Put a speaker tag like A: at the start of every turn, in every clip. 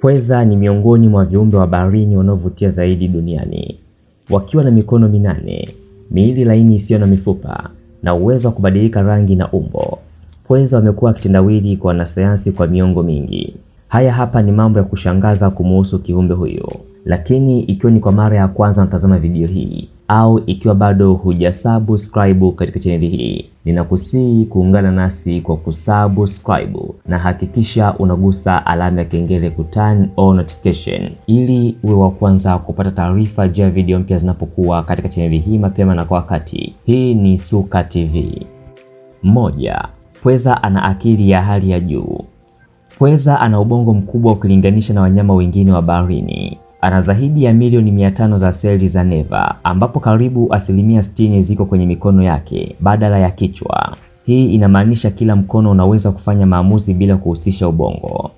A: Pweza ni miongoni mwa viumbe wa baharini wanaovutia zaidi duniani, wakiwa na mikono minane, miili laini isiyo na mifupa na uwezo wa kubadilika rangi na umbo. Pweza wamekuwa kitendawili kwa wanasayansi kwa miongo mingi. Haya hapa ni mambo ya kushangaza kumuhusu kiumbe huyo, lakini ikiwa ni kwa mara ya kwanza unatazama video hii, au ikiwa bado hujasubscribe katika chaneli hii, ninakusihi kuungana nasi kwa kusubscribe na hakikisha unagusa alama ya kengele ku turn on notification ili uwe wa kwanza kupata taarifa juu ya video mpya zinapokuwa katika chaneli hii mapema na kwa wakati. Hii ni Suka TV. Moja, pweza ana akili ya hali ya juu. Pweza ana ubongo mkubwa ukilinganisha na wanyama wengine wa baharini ana zaidi ya milioni mia tano za seli za neva, ambapo karibu asilimia 60 ziko kwenye mikono yake badala ya kichwa. Hii inamaanisha kila mkono unaweza kufanya maamuzi bila kuhusisha ubongo.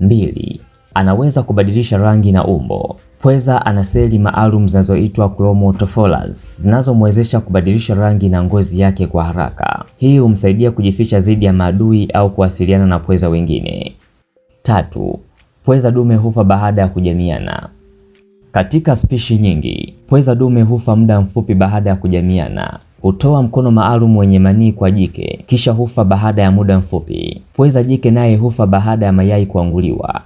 A: Mbili, anaweza kubadilisha rangi na umbo. Pweza ana seli maalum zinazoitwa chromatophores zinazomwezesha kubadilisha rangi na ngozi yake kwa haraka. Hii humsaidia kujificha dhidi ya maadui au kuwasiliana na pweza wengine. Tatu, pweza dume hufa baada ya kujamiana. Katika spishi nyingi, pweza dume hufa muda mfupi baada ya kujamiana. Hutoa mkono maalum wenye manii kwa jike, kisha hufa baada ya muda mfupi. Pweza jike naye hufa baada ya mayai kuanguliwa.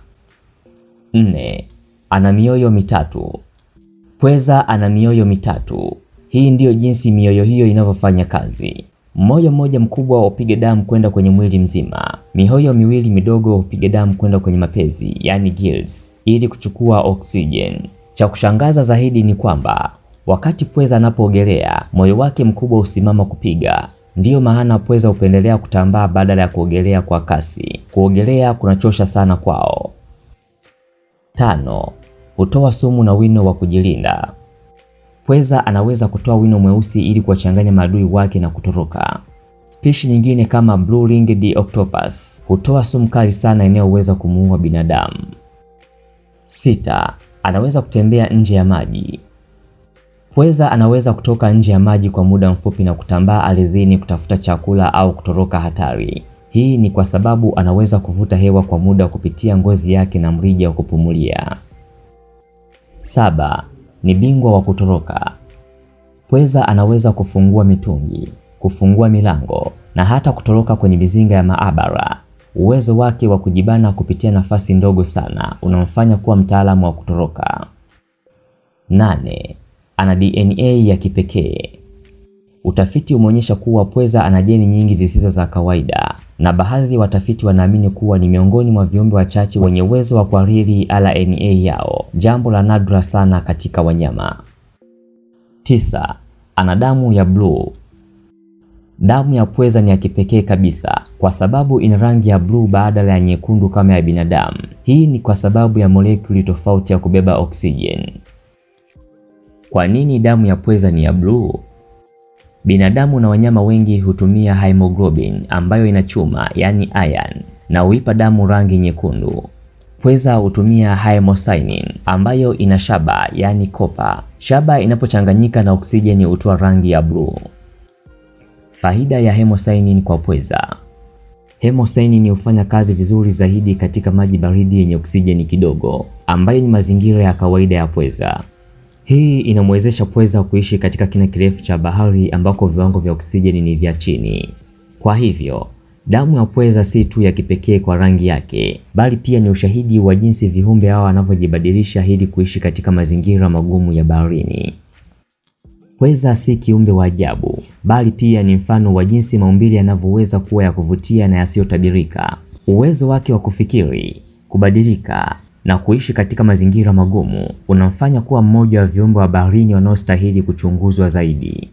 A: Nne, ana mioyo mitatu. Pweza ana mioyo mitatu. Hii ndiyo jinsi mioyo hiyo inavyofanya kazi. Moyo mmoja mkubwa upige damu kwenda kwenye mwili mzima, mihoyo miwili midogo upige damu kwenda kwenye mapezi, yani gills, ili kuchukua oksijeni. Cha kushangaza zaidi ni kwamba wakati pweza anapoogelea moyo wake mkubwa husimama kupiga. Ndiyo maana pweza hupendelea kutambaa badala ya kuogelea kwa kasi. Kuogelea kunachosha sana kwao. Tano, hutoa sumu na wino wa kujilinda. Pweza anaweza kutoa wino mweusi ili kuwachanganya maadui wake na kutoroka. Spishi nyingine kama Blue Ringed Octopus hutoa sumu kali sana inayoweza kumuua binadamu. Sita, anaweza kutembea nje ya maji. Pweza anaweza kutoka nje ya maji kwa muda mfupi na kutambaa ardhini kutafuta chakula au kutoroka hatari. Hii ni kwa sababu anaweza kuvuta hewa kwa muda kupitia ngozi yake na mrija wa kupumulia. Saba, ni bingwa wa kutoroka. Pweza anaweza kufungua mitungi, kufungua milango na hata kutoroka kwenye mizinga ya maabara. Uwezo wake wa kujibana kupitia nafasi ndogo sana unamfanya kuwa mtaalamu wa kutoroka. Nane, ana DNA ya kipekee. Utafiti umeonyesha kuwa pweza ana jeni nyingi zisizo za kawaida, na baadhi ya watafiti wanaamini kuwa ni miongoni mwa viumbe wachache wenye uwezo wa kuhariri RNA yao, jambo la nadra sana katika wanyama. Tisa, ana damu ya bluu. Damu ya pweza ni ya kipekee kabisa kwa sababu ina rangi ya bluu badala ya nyekundu kama ya binadamu. Hii ni kwa sababu ya molekuli tofauti ya kubeba oksijeni. Kwa nini damu ya pweza ni ya bluu? Binadamu na wanyama wengi hutumia hemoglobin ambayo ina chuma, yaani iron, na huipa damu rangi nyekundu. Pweza hutumia hemocyanin ambayo ina shaba, yaani kopa. Shaba inapochanganyika na oksijeni hutoa rangi ya bluu. Faida ya hemocyanin kwa pweza. Hemocyanin hufanya kazi vizuri zaidi katika maji baridi yenye oksijeni kidogo, ambayo ni mazingira ya kawaida ya pweza. Hii inamwezesha pweza kuishi katika kina kirefu cha bahari ambako viwango vya oksijeni ni vya chini. Kwa hivyo, damu ya pweza si tu ya kipekee kwa rangi yake, bali pia ni ushahidi wa jinsi viumbe hawa wanavyojibadilisha ili kuishi katika mazingira magumu ya baharini. Pweza si kiumbe wa ajabu, bali pia ni mfano wa jinsi maumbile yanavyoweza kuwa ya kuvutia na yasiyotabirika. Uwezo wake wa kufikiri, kubadilika na kuishi katika mazingira magumu unamfanya kuwa mmoja wa viumbe wa baharini wanaostahili kuchunguzwa zaidi.